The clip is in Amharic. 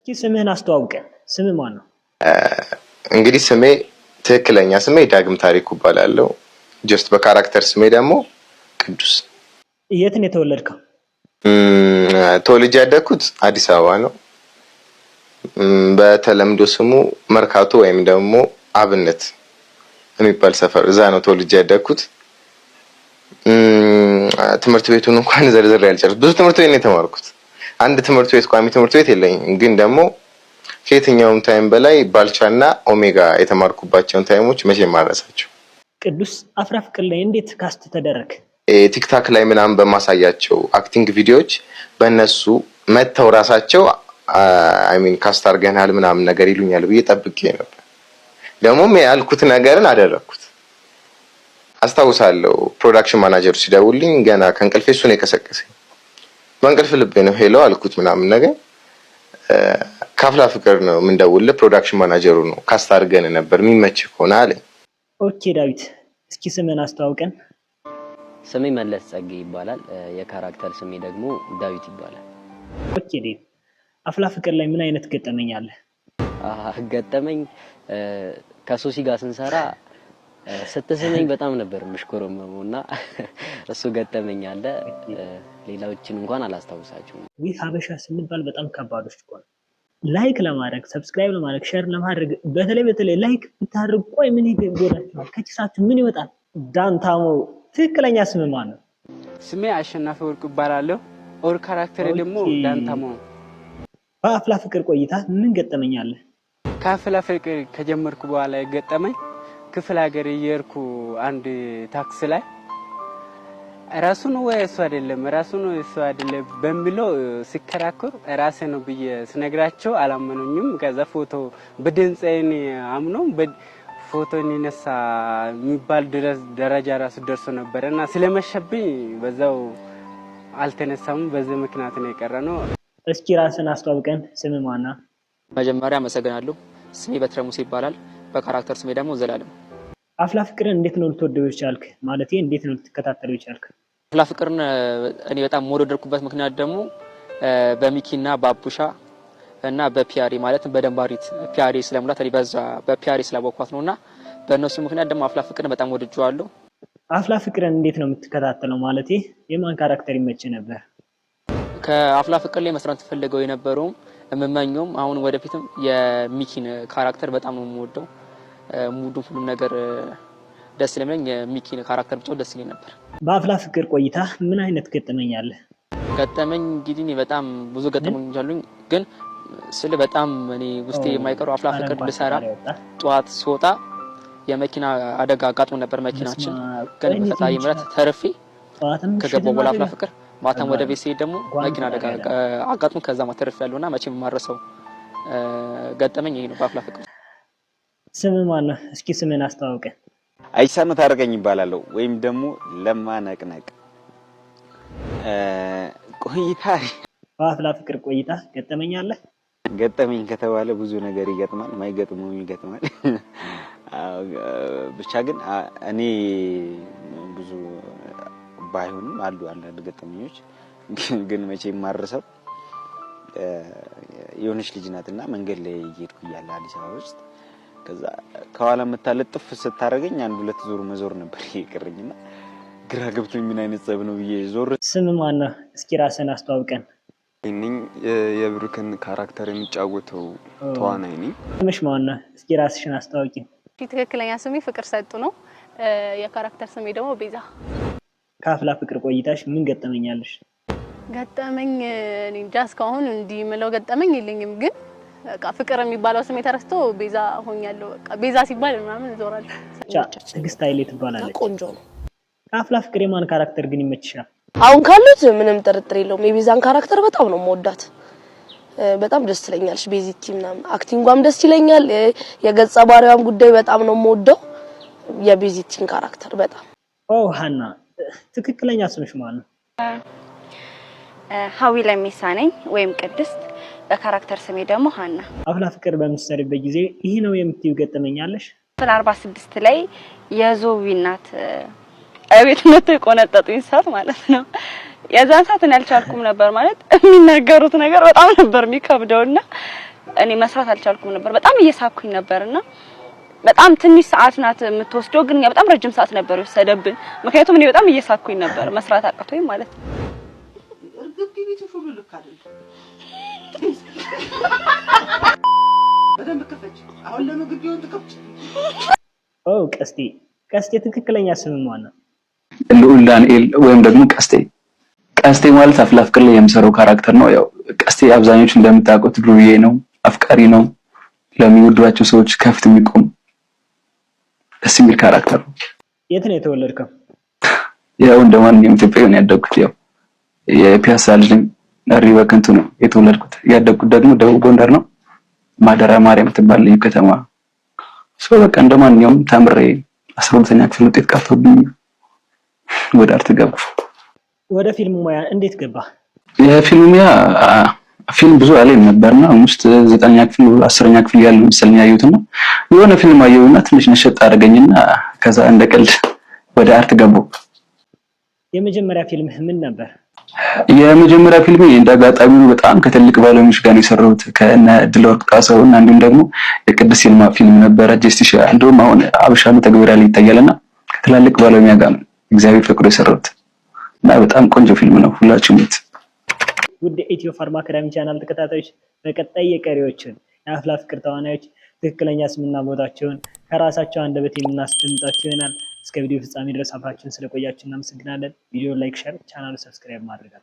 እስኪ ስምህን አስተዋውቀን። ስም ማን ነው? እንግዲህ ስሜ ትክክለኛ ስሜ ዳግም ታሪኩ እባላለሁ። ጀስት በካራክተር ስሜ ደግሞ ቅዱስ። የት ነው የተወለድከው? ተወልጄ ያደግኩት አዲስ አበባ ነው። በተለምዶ ስሙ መርካቶ ወይም ደግሞ አብነት የሚባል ሰፈር እዛ ነው ተወልጄ ያደግኩት። ትምህርት ቤቱን እንኳን ዘርዝሬ ያልጨረስኩት ብዙ ትምህርት ቤት ነው የተማርኩት አንድ ትምህርት ቤት ቋሚ ትምህርት ቤት የለኝም፣ ግን ደግሞ ከየትኛውም ታይም በላይ ባልቻና ኦሜጋ የተማርኩባቸውን ታይሞች መቼ ማረሳቸው። ቅዱስ አፍራፍቅር ላይ እንዴት ካስት ተደረግ? ቲክታክ ላይ ምናምን በማሳያቸው አክቲንግ ቪዲዮዎች በእነሱ መጥተው ራሳቸው አይሚን ካስት አርገናል ምናምን ነገር ይሉኛል ብዬ ጠብቄ ነበር። ደግሞም ያልኩት ነገርን አደረግኩት። አስታውሳለሁ ፕሮዳክሽን ማናጀሩ ሲደውልኝ ገና ከእንቅልፌ እሱ ነው የቀሰቀሰኝ። በእንቅልፍ ልቤ ነው ሄሎ አልኩት ምናምን ነገር ካፍላ ፍቅር ነው የምንደውልህ። ፕሮዳክሽን ማናጀሩ ነው ካስታርገን ነበር የሚመችህ ከሆነ አለኝ። ኦኬ ዳዊት፣ እስኪ ስምን አስተዋውቀን። ስሜ መለስ ጸጌ ይባላል። የካራክተር ስሜ ደግሞ ዳዊት ይባላል። ኦኬ ዴ አፍላ ፍቅር ላይ ምን አይነት ገጠመኝ አለ? ገጠመኝ ከሶሲ ጋር ስንሰራ ስትስመኝ በጣም ነበር የምሽኮረመመው እና እሱ ገጠመኝ አለ። ሌላዎችን እንኳን አላስታውሳቸውም። ይህ ሀበሻ ስንባል በጣም ከባዶች እኮ ላይክ ለማድረግ ሰብስክራይብ ለማድረግ ሼር ለማድረግ በተለይ በተለይ ላይክ ብታደርግ ቆይ ምን ይጎዳቸዋል? ከኪሳችሁ ምን ይወጣል? ዳንታሞ ትክክለኛ ስም ማን ነው? ስሜ አሸናፊ ወርቅ ይባላለሁ። ኦር ካራክተር ደግሞ ዳንታሞ። በአፍላ ፍቅር ቆይታ ምን ገጠመኛለህ? ከአፍላ ፍቅር ከጀመርኩ በኋላ ይገጠመኝ? ክፍለ ሀገር እየርኩ አንድ ታክስ ላይ ራሱን ወይ እሱ አይደለም ራሱ ነው እሱ አይደለም በሚለው ሲከራከሩ ራሴ ነው ብዬ ስነግራቸው አላመኑኝም። ከዛ ፎቶ በድምፄን አምኖ ፎቶ እንነሳ የሚባል ደረጃ ራሱ ደርሶ ነበረ እና ስለመሸብኝ በዛው አልተነሳም። በዚህ ምክንያት ነው የቀረ ነው። እስኪ ራስን አስተዋውቀን፣ ስም ማና? መጀመሪያ አመሰግናለሁ። ስሜ በትረሙስ ይባላል። በካራክተር ስሜ ደግሞ ዘላለም አፍላ ፍቅርን እንዴት ነው ልትወደው ይቻልክ? ማለት እንዴት ነው ልትከታተለው ይቻልክ? አፍላ ፍቅርን እኔ በጣም ወደደርኩበት ምክንያት ደግሞ በሚኪና በአቡሻ እና በፒያሪ ማለት በደንባሪት ፒያሪ ስለሙላት እኔ በዛ በፒያሪ ስላወኳት ነውና በእነሱ ምክንያት ደግሞ አፍላ ፍቅርን በጣም ወድጄዋለሁ። አፍላ ፍቅርን እንዴት ነው የምትከታተለው? ማለት የማን ካራክተር ይመች ነበር? ከአፍላ ፍቅር ላይ መስራት ፈልገው የነበረውም የምመኘውም አሁን ወደፊትም የሚኪን ካራክተር በጣም ነው የምወደው። ሙዱ ሁሉም ነገር ደስ ስለሚለኝ የሚኪ ካራክተር ብቻው ደስ ይለኝ ነበር። በአፍላ ፍቅር ቆይታ ምን አይነት ገጠመኝ አለ? ገጠመኝ እንግዲህ እኔ በጣም ብዙ ገጠመኞች አሉኝ፣ ግን ስል በጣም እኔ ውስጤ የማይቀሩ አፍላ ፍቅር ልሰራ ጠዋት ስወጣ የመኪና አደጋ አጋጥሞ ነበር መኪናችን። ግን በፈጣሪ ምሕረት ተርፌ ከገባው በኋላ አፍላ ፍቅር ማታም ወደ ቤት ሲሄድ ደግሞ መኪና አደጋ አጋጥሞ ከዛ ተርፌ ያለውና መቼም የማረሰው ገጠመኝ ይሄ ነው በአፍላ ፍቅር ስም ማን ነው? እስኪ ስምን አስተዋውቀን። አይሳነ ታደርገኝ ይባላለሁ ወይም ደግሞ ለማነቅነቅ። ቆይታ በአፍላ ፍቅር ቆይታ ገጠመኝ አለ? ገጠመኝ ከተባለ ብዙ ነገር ይገጥማል፣ ማይገጥመውም ይገጥማል። ብቻ ግን እኔ ብዙ ባይሆንም አሉ አንዳንድ ገጠመኞች ግን መቼ የማርሰው የሆነች ልጅ ናትና መንገድ ላይ እየሄድኩ እያለ አዲስ አበባ ውስጥ ከዛ ከኋላ መታለጥፍ ስታደርገኝ አንድ ሁለት ዞር መዞር ነበር የቀረኝና ግራ ገብቶኝ ምን አይነት ጸብ ነው ብዬ ዞር። ስም ማነው? እስኪ ራስን አስተዋውቀን። ይህንኝ የብሩክን ካራክተር የሚጫወተው ተዋናይ ነኝ። ስምሽ ማነው? እስኪ ራስሽን አስተዋውቂ። ትክክለኛ ስሜ ፍቅር ሰጡ ነው። የካራክተር ስሜ ደግሞ ቤዛ። ከአፍላ ፍቅር ቆይታሽ ምን ገጠመኛለሽ? ገጠመኝ እኔ እንጃ እስካሁን እንዲህ የምለው ገጠመኝ የለኝም ግን በቃ ፍቅር የሚባለው ስሜት ተረስቶ ቤዛ ሆኛለሁ። በቃ ቤዛ ሲባል ምናምን እዞራለሁ። ትዕግስት ኃይሌ ትባላለች። ቆንጆ ነው። ከአፍላ ፍቅር የማን ካራክተር ግን ይመችሻል? አሁን ካሉት ምንም ጥርጥር የለውም የቤዛን ካራክተር በጣም ነው መወዳት። በጣም ደስ ትለኛለች ቤዚቲ ምናምን፣ አክቲንጓም ደስ ይለኛል። የገጸ ባህሪዋም ጉዳይ በጣም ነው መወደው የቤዚቲን ካራክተር በጣም። ኦ ሀና፣ ትክክለኛ ስምሽ ማን ነው? ሀዊ ለሚሳ ነኝ ወይም ቅድስት በካራክተር ስሜ ደግሞ ሀና። አፍላ ፍቅር በምትሰሪበት ጊዜ ይህ ነው የምትይው ገጠመኝ ክፍል አርባ ስድስት ላይ የዞቢ እናት እቤት መጥተው የቆነጠጡኝ ሰዓት ማለት ነው። የዛን ሰዓት እኔ አልቻልኩም ነበር ማለት የሚናገሩት ነገር በጣም ነበር የሚከብደውና እኔ መስራት አልቻልኩም ነበር። በጣም እየሳኩኝ ነበርና በጣም ትንሽ ሰዓት ናት የምትወስደው፣ ግን በጣም ረጅም ሰዓት ነበር የወሰደብን። ምክንያቱም እኔ በጣም እየሳኩኝ ነበር መስራት አቅቶኝ ማለት ነው። በደንብ ቀስቴ ቀስቴ ትክክለኛ ስም ነው። ልዑል ዳንኤል ወይም ደግሞ ቀስቴ። ቀስቴ ማለት አፍላ ፍቅር ላይ የሚሰራው ካራክተር ነው። ያው ቀስቴ አብዛኞቹ እንደምታውቁት ዱርዬ ነው፣ አፍቃሪ ነው፣ ለሚወዷቸው ሰዎች ከፊት የሚቆም ደስ የሚል ካራክተር ነው። የት ነው የተወለድከው? ያው እንደማንኛውም ኢትዮጵያዊ ነው ያደግኩት። ያው የፒያሳ ልጅ ነኝ። እሪ በክንቱ ነው የተወለድኩት። ያደግኩት ደግሞ ደቡብ ጎንደር ነው፣ ማደራ ማርያም ትባል ልዩ ከተማ። በቃ እንደማንኛውም ተምሬ አስራ ሁለተኛ ክፍል ውጤት ቀርቶብኝ ወደ አርት ገቡ። ወደ ፊልም ሙያ እንዴት ገባ? የፊልም ሙያ ፊልም ብዙ አላይም ነበርና ውስጥ ዘጠነኛ ክፍል አስረኛ ክፍል ያሉ ምስል ነው። የሆነ ፊልም አየሁና ትንሽ ነሸጥ አድርገኝና ከዛ እንደ ቀልድ ወደ አርት ገቡ። የመጀመሪያ ፊልምህ ምን ነበር? የመጀመሪያ ፊልሜ እንደ አጋጣሚ በጣም ከትልቅ ባለሙያዎች ጋር የሰራውት የሰራሁት ከነ ድለወርቅ ጣሰው እና እንዲሁም ደግሞ የቅድስት ይልማ ፊልም ነበረ ጀስቲስ እንዲሁም አሁን አበሻሉ መተግበሪያ ላይ ይታያልና ከትላልቅ ባለሙያ ጋር እግዚአብሔር ፈቅዶ የሰራሁት እና በጣም ቆንጆ ፊልም ነው። ሁላችሁም እዩት። ውድ ኢትዮ ፋርማ አካዳሚ ቻናል ተከታታዮች በቀጣይ የቀሪዎችን የአፍላ ፍቅር ተዋናዮች ትክክለኛ ስምና ቦታቸውን ከራሳቸው አንደበት የምናስደምጣቸው ይሆናል። እስከ ቪዲዮ ፍጻሜ ድረስ አብራችን ስለቆያችን እናመሰግናለን። ቪዲዮ ላይክ፣ ሸር፣ ቻናሉ ሰብስክራይብ ማድረግ